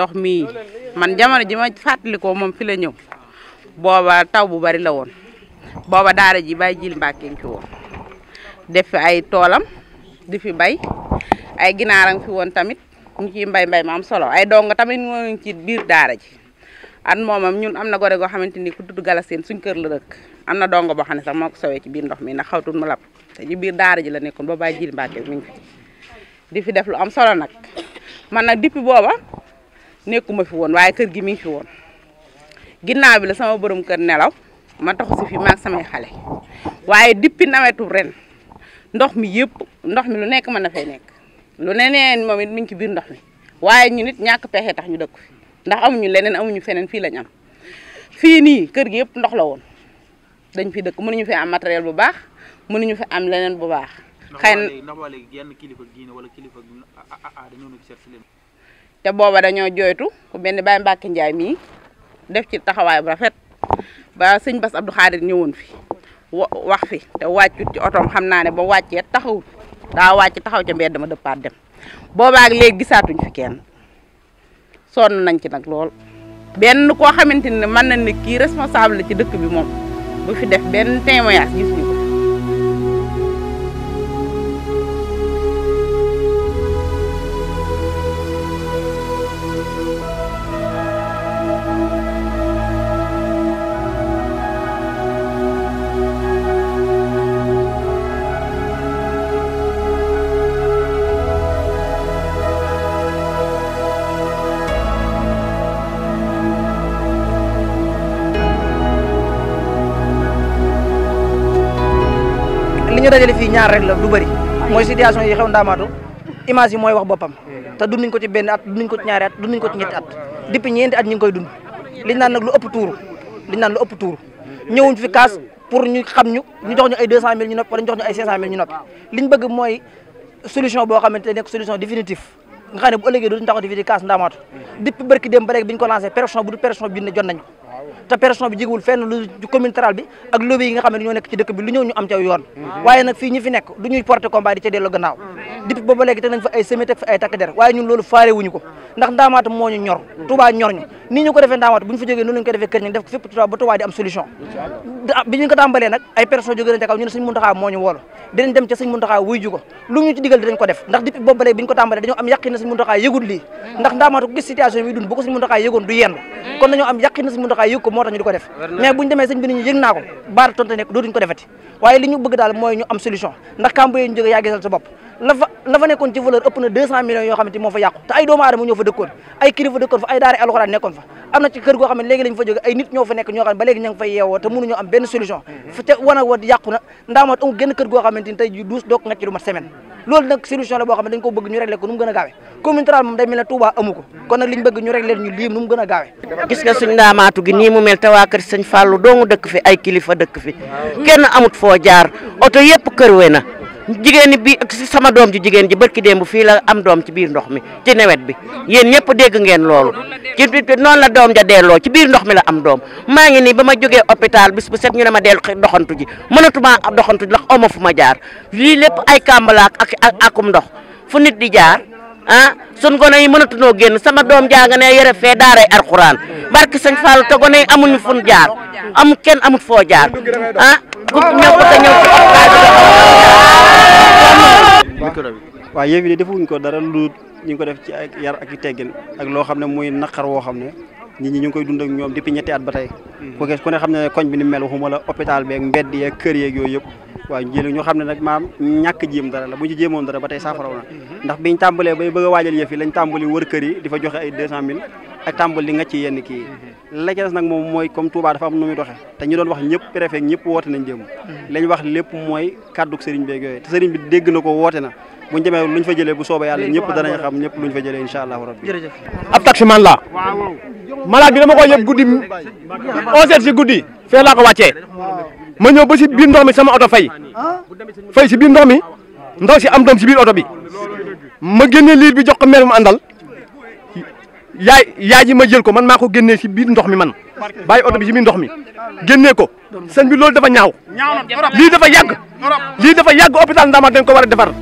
ndox mi man jamono ji ma fàttalikoo moom fi la ñëw booba taw bu bari la woon booba daara ji bàyyi jil mbàkke fi woon def fi ay toolam di fi bay ay ginaaram fi woon tamit ñu ci mbay mbay ma am solo ay dong tamit moo ngi ci biir daara ji at moomam ñun am na gore goo xamante ni ku tudd galaseen suñ kër la dëkk am na dong boo xam ne sax moo ko sowee ci biir ndox mi na xawtun mu lab te biir daara ji la nekkoon ba bàyyi jil mbàkke mi ngi fi def lu am solo nag man nag depuis booba nekkuma fi woon waaye kër gi mi ngi fi woon ginnaaw bi la sama borom kër nelaw ma taxu si fi maag samay xale waaye dippi nawetu ren ndox mi yëpp ndox mi lu nekk mën na fay nekk lu leneen moom it mi ngi ci biir ndox mi waaye ñu it ñàkk pexe tax ñu dëkk fi ndax amuñu leneen amuñu feneen fii la ñam fii nii kër gi yëpp ndox la woon dañ fi dëkk ñu fi am matériel bu baax mënuñu fi am leneen bu baax. xëy na ndax waa léegi ndax wala kilifa aada ah, ah, ah, ñoo te booba dañoo jooytu ku mel ni Baye Mbacke Ndiaye mii def ci taxawaay bu rafet ba sëñ bas Abdou Khadir ñëwoon fi wax fi te wàccut ci otoom xam naa ne ba wàccee taxawul daa wàcc taxaw ca mbedd dama dëppaat dem boobaak léegi gisaatuñ fi kenn sonn nañ ci nag lool benn koo xamante ne mën na ne kii responsable la ci dëkk bi moom bu fi def benn témoignage gis ñu li ñu dajale fii ñaar rek la du bëri mooy situation yi xew ndaamaatu image mooy wax boppam te dund nañ ko ci benn at dund nañ ko ci ñaari at dund nañ ko ci ñetti at depuis ñeenti at ñu ngi koy dund liñ naan nag lu ëpp tuuru liñ naan lu ëpp tuuru ñëwuñ fi kaas pour ñu xam ñu ñu jox ñu ay 200000 ñu noppi wala ñu jox ñu ay 500000 ñu noppi liñ bëgg mooy solution boo xamante ne nekk solution définitive nga xam ne bu ëllëgee dootuñu taxaw di fi di te pression bi jigewul fenn lu commune Tëral bi ak lobby yi nga xam ne ñoo nekk ci dëkk bi lu ñu am ca yoon waaye nag fii ñi fi nekk du ñuy porter combat di ca delloo gannaaw depuis booba léegi teg nañ fa ay semé teg fa ay takk der waaye ñun loolu faare wuñu ko ndax ndaamaatu moo ñu ñor Touba ñor ñu ni ñu ko defee ndaamaatu ñu def ko fépp Touba ba Touba di am solution bi ñu ko tàmbalee nag ñu ne ko lu ko def ndax depuis boobu ba léegi ñu ko tàmbalee ko gis situation bi dund ñu ko def mais buñu demee li ñu bëgg daal mooy ñu am solution ndax kambo yi ñu jógee yaa gisal sa bopp la fa ci valeur ëpp na 200 millions yoo xamante moo fa yàqu te ay doomu aadama ñoo fa dëkkoon ay kilifa dëkkoon fa ay daara alxuraan nekkoon fa am na kër goo xam ne léegi lañ fa jóge ay nit ñoo fa nekk ñoo xam ne ba léegi ña am benn solution te wan a wa na ndaamaat amul genn kër goo xamante ni tey ji duus doog nga ko mu gën a gaawee day mel ne Touba kon liñ bëgg ñu réglé ñu lii nu mu gën a gis nga suñ ndaamaatu gi nii mel te waa kër sëñ Fallou doomu dëkk fi ay kilifa dëkk fi kenn amut foo jaar oto yëpp kër we jigéen bi ak sama doom ji jigéen ji barki démb fii la am doom ci biir ndox mi ci nawet bi yéen ñëpp dégg ngeen loolu ci noonu la doom ja delloo ci biir ndox mi la am doom maa ngi ni ba ma jógee opital bis bu set ñu ne ma dellu doxantu ji mënatuma doxantu ji ndax oma fu ma jaar lii lépp ay kàmbalaak ak ak akum ndox fu nit di jaar ah sun gone yi mënatunoo génn sama doom jaa nga ne yere fee daaray alxuraan barki sëñ Fall te gone yi amuñu fun jaar am kenn amut foo jaar ah ñëw ko te micro bi waaw yëf yi de defuñ ko dara lu ñu ngi ko def ci ay yar ak i teggin ak loo xam ne muy naqar woo xam ne nit ñi ñu koy dund ak ñoom depuis ñetti at ba tey mhm. ku ne ne xam ne koñ bi ni mel waxuma la hôpital beeg mbedd yeeg kër yeeg yooyu yëpp waaw jël ñu xam ne nag maam ñàkk jéem dara la bu ñu jéemoon dara ba tey saafaraw na mhm. ndax biñ tàmbalee bay bëgg a waajal yëf lañ tàmbali wër kër di fa joxe ay deux cent mille ak tàmbali nga ci yenn kii la ca nag moom mooy comme Touba dafa am nu muy doxe te ñu doon wax ñëpp préfet ñëpp woote nañ jëm mm-hmm. lañ wax lépp mooy kàdduk sëriñ beeg yooyu te sëriñ bi dégg na ko woote na buñ demee luñ fa jëlee bu soobee yàlla ñëpp danañ xam ñëpp luñ fa jëlee incha allahu rabbi ab taximan la malade bi dama ko yëpp guddi onze heures si guddi fee laa ko wàccee ma ñëw ba si biir ndox mi sama oto fay fay si biir ndox mi ndaw si am doom si biir oto bi ma génne liir bi jox ko mère mu àndal yaay yaay ji ma jël ko man maa ko génnee si biir ndox mi man bàyyi oto bi si biir ndox mi génnee ko sen bi loolu dafa ñaaw lii dafa yàgg lii dafa yàgg hôpital Ndamatou dañ ko war a defar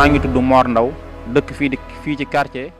maa ngi tudd Mor Ndaw dëkk fii di fii ci quartier